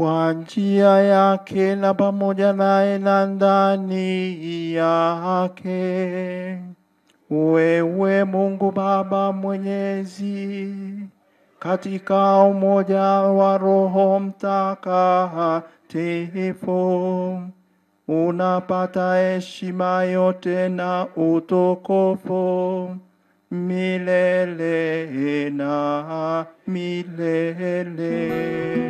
kwa njia yake na pamoja naye na ndani yake. Wewe Mungu Baba Mwenyezi, katika umoja wa Roho Mtakatifu unapata heshima yote na utukufu milele na milele.